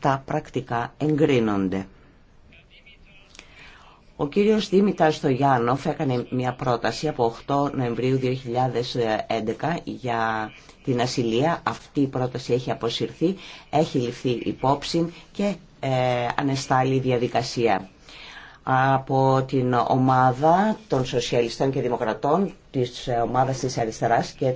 τα πρακτικά εγκρίνονται. Ο κύριος Δήμητας Στογιάννοφ έκανε μια πρόταση από 8 Νοεμβρίου 2011 για την ασυλία. Αυτή η πρόταση έχει αποσυρθεί, έχει ληφθεί υπόψη και ε, διαδικασία. Από την ομάδα των Σοσιαλιστών και Δημοκρατών, της ομάδας της Αριστεράς και